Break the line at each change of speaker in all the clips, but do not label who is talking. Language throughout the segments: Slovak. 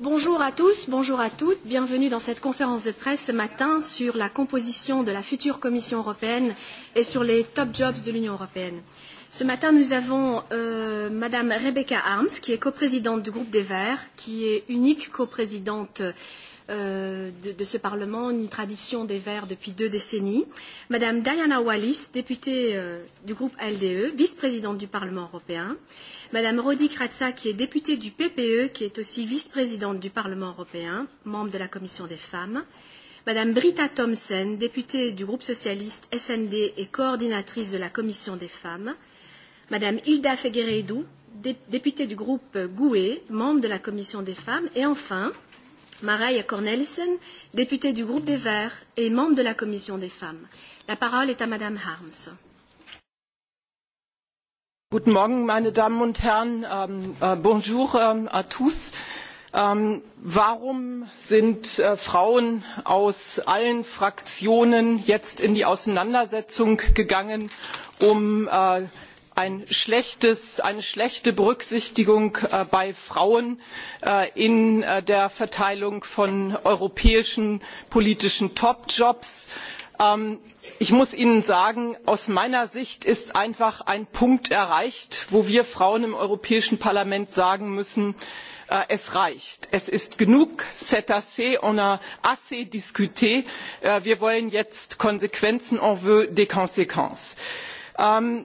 Bonjour à tous, bonjour à toutes, bienvenue dans cette conférence de presse ce matin sur la composition de la future Commission européenne et sur les top jobs de l'Union européenne. Ce matin, nous avons euh, Madame Rebecca Harms, qui est coprésidente du groupe des Verts, qui est unique coprésidente euh, de, de ce Parlement, une tradition des Verts depuis deux décennies. Madame Diana Wallis, députée euh, du groupe LDE, vice-présidente du Parlement européen. Euh, Madame Rodi Kratza, qui est députée du PPE, qui est aussi vice-présidente du Parlement européen, membre de la Commission des femmes, Madame Britta Thomsen, députée du groupe socialiste SND et coordinatrice de la Commission des femmes, Madame Hilda Fegueredou, députée du groupe GUE, membre de la Commission des femmes, et enfin Mareille Cornelissen, députée du groupe des Verts et membre de la Commission des femmes. La parole est à Madame Harms.
Guten Morgen, meine Damen und Herren. Ähm, äh, bonjour ähm, à tous. Ähm, warum sind äh, Frauen aus allen Fraktionen jetzt in die Auseinandersetzung gegangen, um äh, ein eine schlechte Berücksichtigung äh, bei Frauen äh, in äh, der Verteilung von europäischen politischen Topjobs? Äh, Ähm, ich muss ihnen sagen aus meiner sicht ist einfach ein punkt erreicht wo wir frauen im europäischen parlament sagen müssen äh, es reicht es ist genug c'est assez on a assez discut äh, wir wollen jetzt konsequenzen on veut des consquences. Ähm,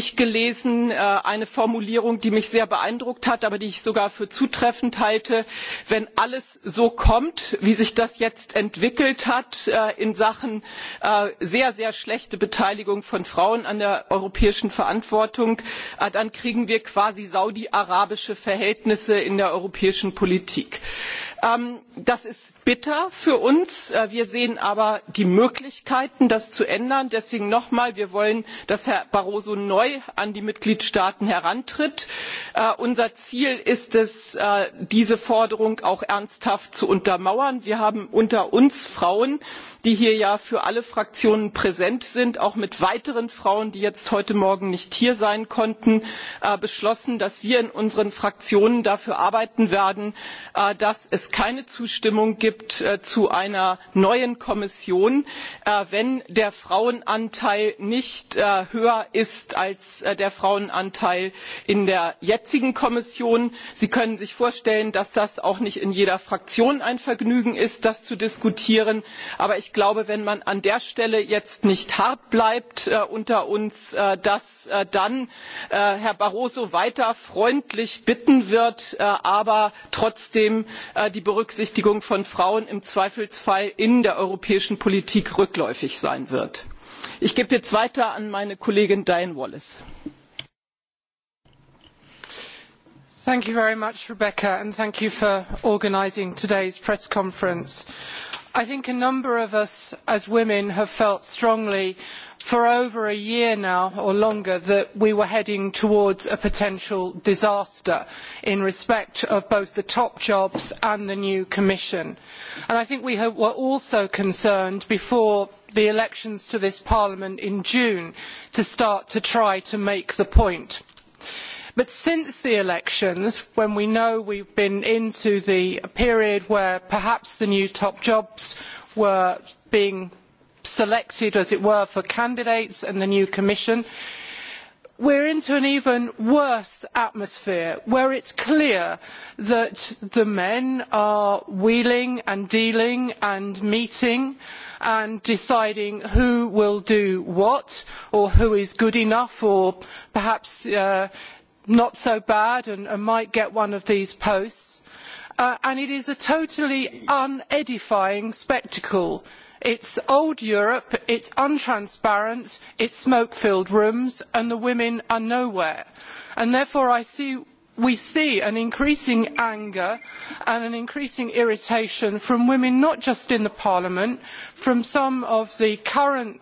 ich gelesen äh, eine formulierung die mich sehr beeindruckt hat aber die ich sogar für zutreffend halte wenn alles so kommt wie sich das jetzt entwickelt hat äh, in sachen äh, sehr sehr schlechte beteiligung von frauen an der europäischen verantwortung dann kriegen wir quasi saudi arabische verhältnisse in der europäischen politik. Ähm, das ist bitter für uns äh, wir sehen aber die möglichkeiten das zu ändern. deswegen noch einmal wir wollen dass herr barroso neu an die mitgliedstaaten herantritt. Äh, unser ziel ist es äh, diese forderung auch ernsthaft zu untermauern. wir haben unter uns frauen die hier ja für alle fraktionen präsent sind auch mit weiteren frauen die jetzt heute morgen nicht hier sein konnten beschlossen dass wir in unseren fraktionen dafür arbeiten werden dass keine zustimmung gibt äh, zu einer neuen kommission äh, wenn der frauenanteil nicht äh, höher ist als der frauenanteil in der jetzigen kommission. sie können sich vorstellen dass das auch nicht in jeder fraktion ein vergnügen ist das zu diskutieren aber ich glaube wenn man an der stelle jetzt nicht hart bleibt unter uns dass dann herr barroso weiter freundlich bitten wird aber trotzdem die berücksichtigung von frauen im zweifelsfall in der europäischen politik rückläufig sein wird. ich gebe jetzt weiter an meine kollegin diane wallis.
thank you very much rebecca and thank you for organising today's press conference. I think a number of us as women have felt strongly for over a year now or longer that we were heading towards a potential disaster in respect of both the top jobs and the new commission. And I think we were also concerned before the elections to this parliament in June to start to try to make the point But since the elections, when we know we have been into the period where perhaps the new top jobs were being selected, as it were, for candidates and the new commission, we are into an even worse atmosphere where it is clear that the men are wheeling and dealing and meeting and deciding who will do what or who is good enough or perhaps uh, not so bad and, might get one of these posts. Uh, and it is a totally unedifying spectacle. It is old Europe, it is untransparent, it is smoke-filled rooms, and the women are nowhere. And therefore, see, we see an increasing anger and an increasing irritation from women, not just in Parliament, from some of the current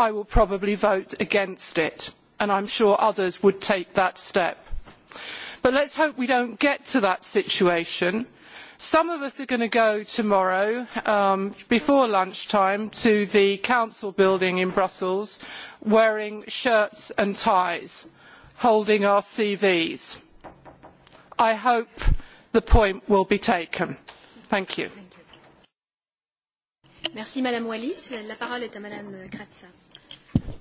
i will probably vote against it, and I am sure others would take that step. But let us hope we do not get to that situation. Some of us are going to go tomorrow, um, before lunchtime, to the council building in Brussels wearing shirts and ties, holding our CVs. I hope the point will be taken. Thank you.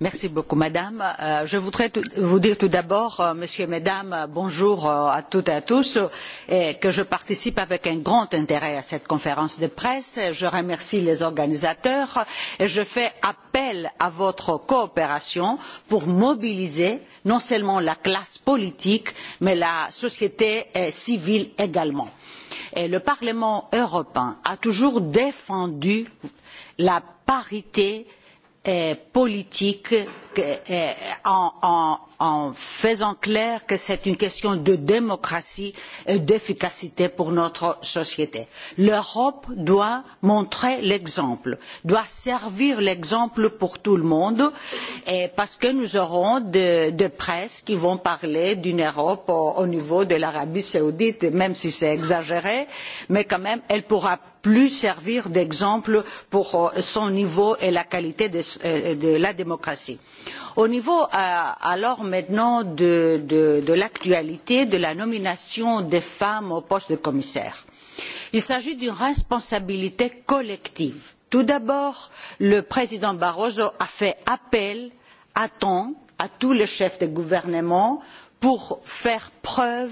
Merci beaucoup, madame. Euh, je voudrais vous dire tout d'abord, euh, messieurs et mesdames, euh, bonjour à toutes et à tous, et que je participe avec un grand intérêt à cette conférence de presse. Je remercie les organisateurs et je fais appel à votre coopération pour mobiliser non seulement la classe politique, mais la société civile également. Et le Parlement européen a toujours défendu la parité Eh, politique Eh, en, faisant clair que c'est une question de démocratie et d'efficacité pour notre société. l'europe doit montrer l'exemple doit servir l'exemple pour tout le monde parce que nous aurons des de presses qui vont parler d'une europe au, au niveau de l'arabie saoudite même si c'est exagéré mais quand même elle pourra plus servir d'exemple pour son niveau et la qualité de, euh, de la démocratie. Au niveau euh, alors maintenant de, de l'actualité de la nomination des femmes au poste de commissaire, il s'agit d'une responsabilité collective. Tout d'abord, le président Barroso a fait appel à temps à tous les chefs de gouvernement pour faire preuve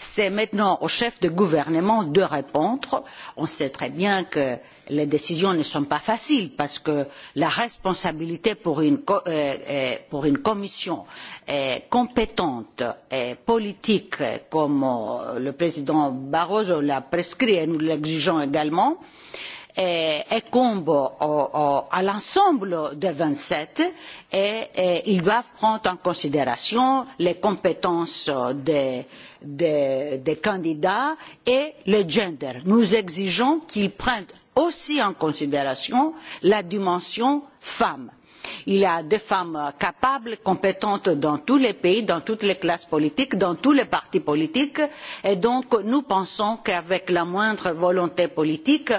c'est maintenant au chef de gouvernement de répondre. On sait très bien que les décisions ne sont pas faciles parce que la responsabilité pour une, euh, euh, pour une commission compétente et politique comme euh, le président Barroso l'a prescrit et nous l'exigeons également, euh, incombe eh, eh, à l'ensemble des vingt sept et, et eh, ils doivent prendre en considération les compétences des, des, des candidats et le gender. Nous exigeons qu'ils prennent aussi en considération la dimension femme il y a des femmes capables compétentes dans tous les pays dans toutes les classes politiques dans tous les partis politiques et donc nous pensons qu'avec la moindre volonté politique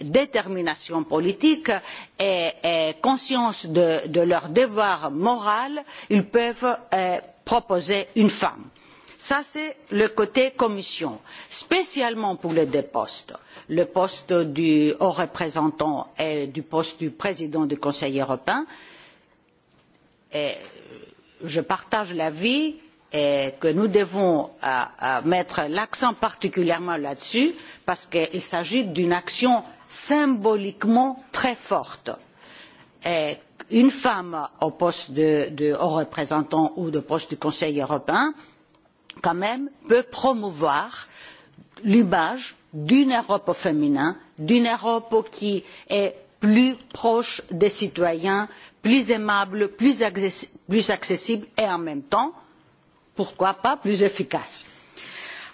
détermination politique et, conscience de, leur devoir moral ils peuvent euh, proposer une femme. Ça, c'est le côté commission, spécialement pour les deux postes, le poste du haut représentant et le poste du président du Conseil européen je partage l'avis que nous devons euh, euh, mettre l'accent particulièrement là dessus parce qu'il s'agit d'une action symboliquement très forte. une femme au poste de, de haut représentant ou de poste du Conseil européen, quand même, peut promouvoir l'image d'une Europe au féminin, d'une Europe qui est plus proche des citoyens, plus aimable plus, accessible et en même temps pourquoi pas plus efficace.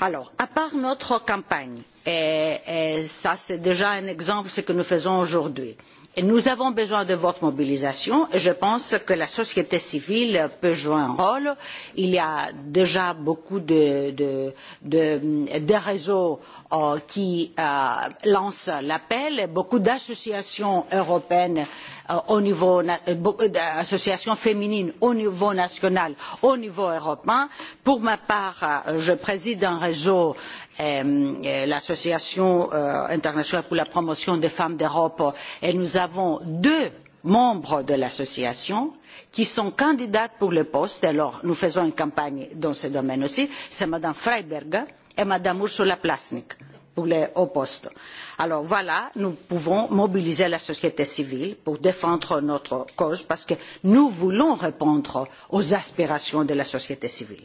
alors à part notre campagne et, c'est déjà un exemple de ce que nous faisons aujourd'hui nous avons besoin de votre mobilisation et je pense que la société civile peut jouer un rôle. Il y a déjà beaucoup de, de, de, de réseaux euh, qui euh, lancent l'appel, beaucoup d'associations européennes euh, au niveau euh, euh, d'associations féminines au niveau national, au niveau européen. Pour ma part, euh, je préside un réseau Euh, euh, l'association euh, internationale pour la promotion des femmes d'europe et nous avons deux membres de l'association qui sont candidates pour le poste alors nous faisons une campagne dans ce domaine aussi c'est mme freiberger et mme ursula plasnik pour les hauts postes. alors voilà nous pouvons mobiliser la société civile pour défendre notre cause parce que nous voulons répondre aux aspirations de la société civile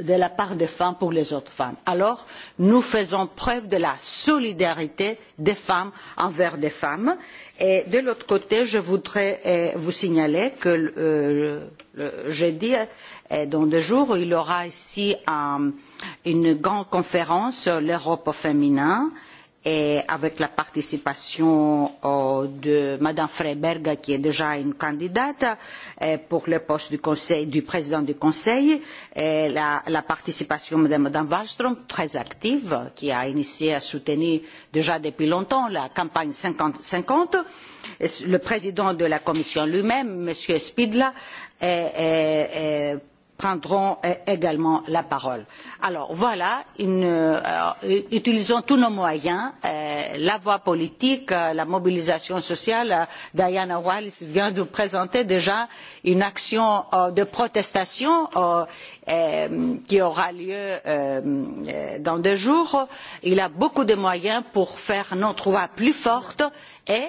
de la part des femmes pour les autres femmes. Alors, nous faisons preuve de la solidarité des femmes envers les femmes. Et de l'autre côté, je voudrais eh, vous signaler que euh, le jeudi, et eh, dans deux jours, il y aura ici un, euh, une grande conférence sur l'Europe féminin et avec la participation euh, de madame Freiberg, qui est déjà une candidate euh, pour le poste du, conseil, du président du Conseil, et la, la participation de madame Wallström, très active, qui a initié à soutenir déjà depuis longtemps la campagne 50-50, le président de la Commission lui-même, M. Spidla, est, est, est prendront euh, également la parole. Alors voilà, une, euh, utilisons tous nos moyens, euh, la voie politique, euh, la mobilisation sociale. Euh, Diana Wallis vient de présenter déjà une action euh, de protestation qui aura lieu dans deux jours. Il a beaucoup de moyens pour faire notre voix plus forte et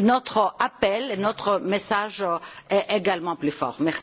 notre appel, notre message est également plus fort. Merci.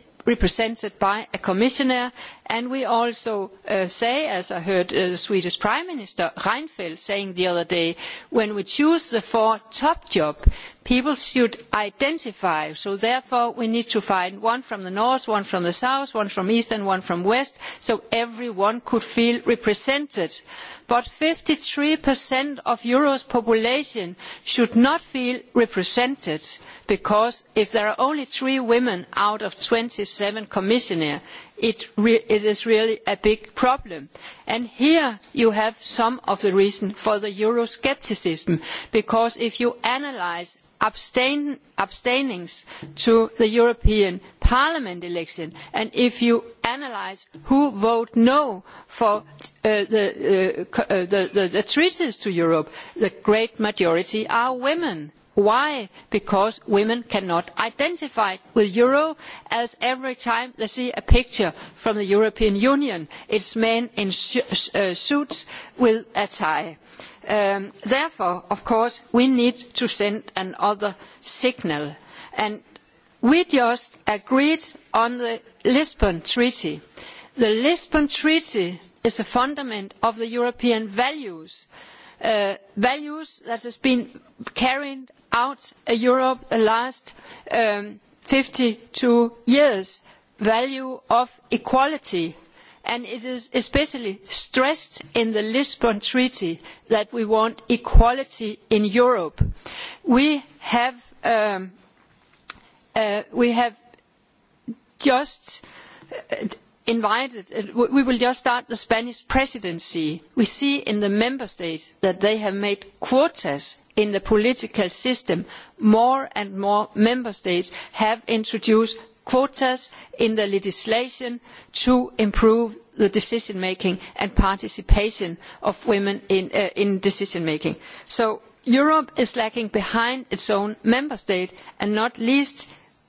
represented by a commissioner and we also uh, say as i heard uh, the swedish prime minister reinfeldt saying the other day when we choose the four top jobs people should identify so therefore we need to find one from the north one from the south one from the east and one from the west so everyone could feel represented but fifty three of europe's population should not feel represented because if there are only three women out of twenty seven commissioners it, it is really a big problem. and here you have some of the reason for the euroscepticism because if you analyse abstain, abstainings to the european parliament election and if you analyse who voted no for uh, the, uh, uh, the, the, the treaties to europe the great majority are women why? because women cannot identify with euro as every time they see a picture from the european union it is men in uh, suits with a tie. Um, therefore of course we need to send another signal and we just agreed on the lisbon treaty. the lisbon treaty is a fundament of the european values uh, values that have been carried out in europe the last um, fifty two years the value of equality and it is especially stressed in the lisbon treaty that we want equality in europe. we have um, Uh, we have just uh, invited uh, we will just start the spanish presidency we see in the member states that they have made quotas in the political system more and more member states have introduced quotas in the legislation to improve the decision making and participation of women in, uh, in decision making so europe is lagging behind its own member state and not least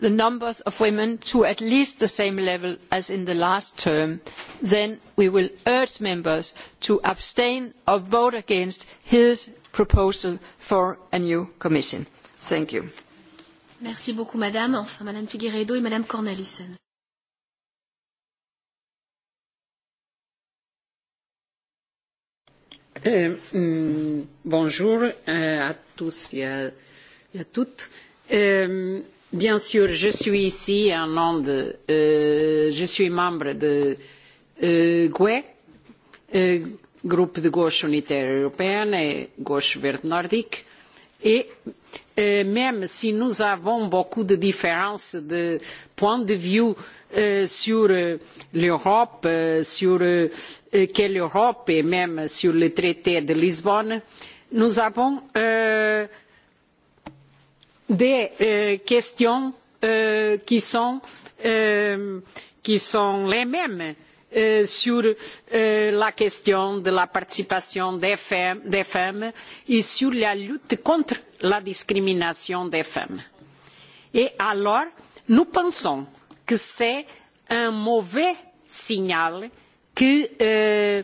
the numbers of women to at least the same level as in the last term, then we will urge members to abstain or vote against his proposal for a new commission. Thank you.
Merci beaucoup, Madame. Enfin, Madame Figueredo et Madame Cornelissen.
Euh,
mm, bonjour euh, à tous et à, et à toutes. Euh, Bien sûr, je suis ici en nom de, euh, je suis membre de euh, GUE, euh, groupe de gauche unitaire européenne et gauche verte nordique. Et euh, même si nous avons beaucoup de différences de point de vue euh, sur euh, l'Europe, euh, sur euh, euh, quelle Europe et même sur le traité de Lisbonne, nous avons euh, des euh, questions euh, euh, qui, sont, les mêmes sur la question de la participation des femmes, des femmes et sur la lutte contre la discrimination des femmes. Et alors, nous pensons que c'est un mauvais signal que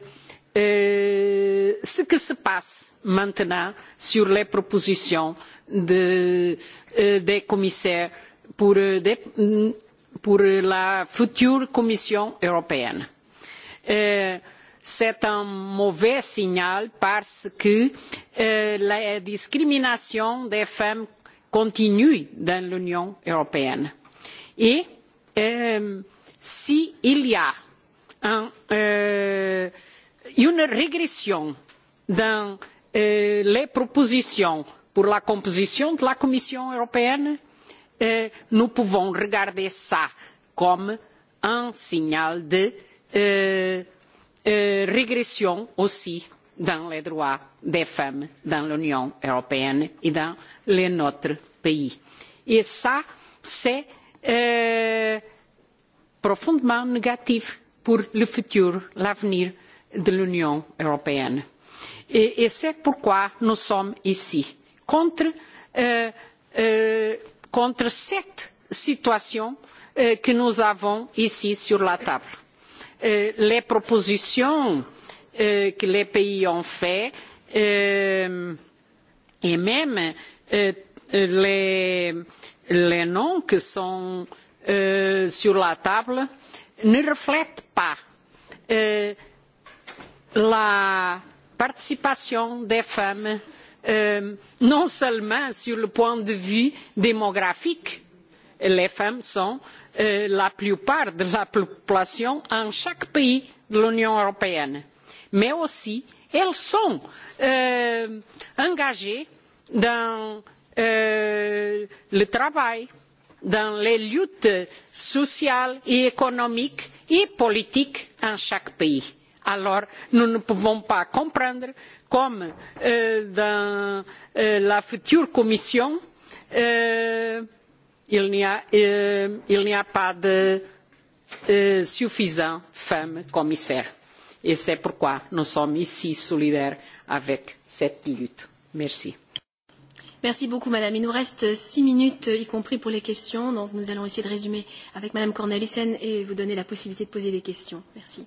ce eh, que se passe maintenant sur les propositions de, euh, des commissaires pour, euh, de, pour, la future Commission européenne. Euh, C'est un mauvais signal parce que eh, la discrimination des femmes continue dans l'Union européenne. Et eh, s'il y a un euh, une régression dans euh, les propositions pour la composition de la Commission européenne, nous pouvons regarder cela comme un signal de euh, euh, régression aussi dans les droits des femmes dans l'Union européenne et dans les notre pays. Et cela c'est profondément négatif pour le futur, l'avenir de l'Union européenne. Et, et c'est pourquoi nous sommes ici, contre, euh, euh, contre cette situation euh, que nous avons ici sur la table. Eh, les propositions que eh, les pays ont faites eh, et même les, les, noms qui sont sur la table ne reflètent pas la participation des femmes euh, non seulement sur le point de vue démographique les femmes sont euh, la plupart de la population en chaque pays de l'Union européenne, mais aussi elles sont euh, engagées dans euh, le travail, dans les luttes sociales et économiques et politiques en chaque pays Alors, nous ne pouvons pas comprendre comme euh, dans euh, la future commission, euh, il n'y a, pas de suffisant femmes commissaires. Et c'est pourquoi nous sommes ici solidaires avec cette lutte. Merci.
Merci beaucoup, Madame. Il nous reste six minutes, y compris pour les questions. Donc, nous allons essayer de résumer avec Madame Cornelissen et vous donner la possibilité de poser des questions.
Merci.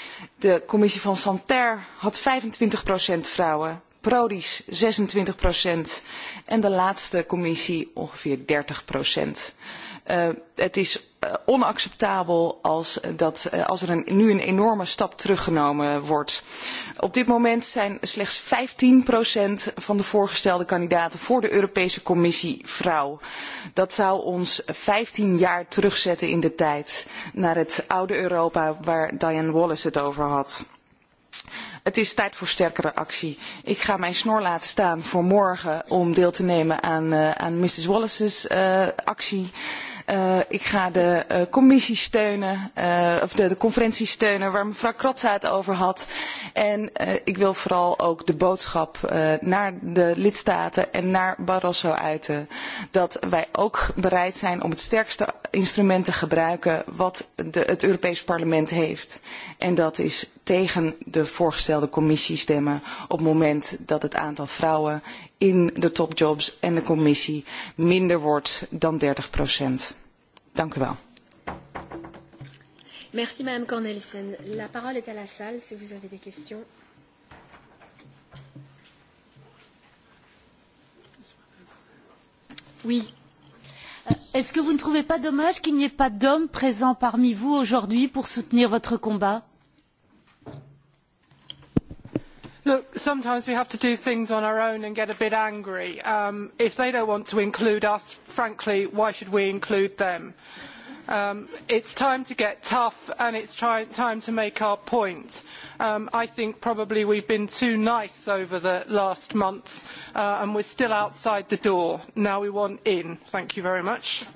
De commissie van Santerre had 25 procent vrouwen, Prodis zesentwintig procent en de laatste commissie ongeveer 30 procent. Eh, het is Eh, onacceptabel als, dat, eh, als er een, nu een enorme stap teruggenomen wordt. Op dit moment zijn slechts 15 procent van de voorgestelde kandidaten voor de Europese Commissie vrouw. Dat zou ons 15 jaar terugzetten in de tijd naar het oude Europa waar Diane Wallace het over had. Het is tijd voor sterkere actie. Ik ga mijn snor laten staan voor morgen om deel te nemen aan, uh, aan Mrs. Wallace's uh, actie. Uh, Uh, ik ga de uh, commissie steunen, uh, of de, de conferentie steunen waar mevrouw Kratza het over had. En uh, ik wil vooral ook de boodschap uh, naar de lidstaten en naar Barroso uiten. Dat wij ook bereid zijn om het sterkste instrument te gebruiken wat de, het Europees Parlement heeft. En dat is tegen de voorgestelde commissie stemmen op het moment dat het aantal vrouwen in de topjobs en de commissie minder wordt dan 30 procent. Dank u wel.
Merci Madame Cornelissen. La parole est à la salle si vous avez des questions.
Oui. Euh, est-ce que vous ne trouvez pas dommage qu'il n'y ait pas d'hommes présents parmi vous aujourd'hui pour soutenir votre combat
Look, sometimes we have to do things on our own and get a bit angry. Um, if they don't want to include us, frankly, why should we include them? Um, it is time to get tough and it is time to make our point. Um, I think probably we have been too nice over the last months uh, and we are still outside the door. Now we want in. Thank you very much.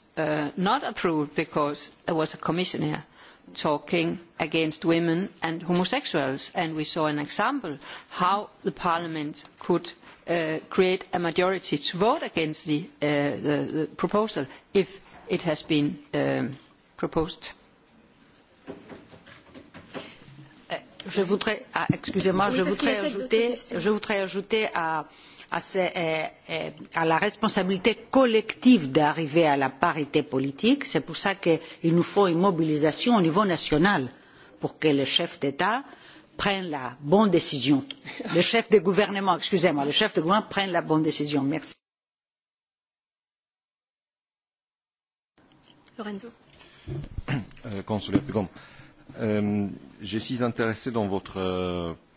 uh, not approved because there was a commissioner talking against women and homosexuals and we saw an example of how the parliament could uh, create a majority to vote against the, uh, the, the proposal if it has been um, proposed.
Euh, je voudrais, ah,
excusez-moi, oui, je, voudrais ajouter, je
voudrais ajouter à, à, ce, euh, euh, à la responsabilité collective d'arriver à la parité politique. C'est pour cela qu'il nous faut une mobilisation au niveau national pour que les chefs d'État prennent la bonne décision. Les chefs de gouvernement, excusez-moi, les chefs de gouvernement prennent la bonne décision. Merci.
Lorenzo.
Euh, consulat, euh,
je suis intéressé dans votre euh,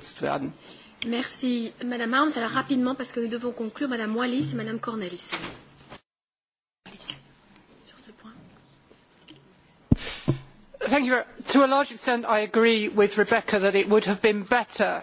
geschützt werden.
Merci, Madame Harms. Alors rapidement, parce que nous devons conclure, Madame Wallis et Madame Cornelis.
Thank you. To a large extent, I agree with Rebecca that it would have been better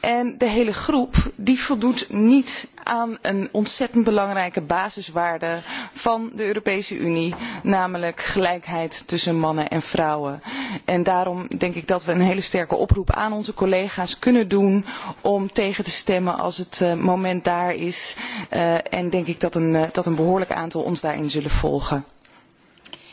En de hele groep die voldoet niet aan een ontzettend belangrijke basiswaarde van de Europese Unie, namelijk gelijkheid tussen mannen en vrouwen. En daarom denk ik dat we een hele sterke oproep aan onze collega's kunnen doen om tegen te stemmen als het uh, moment daar is. Uh, en denk ik dat een, uh, dat een behoorlijk aantal ons daarin zullen volgen.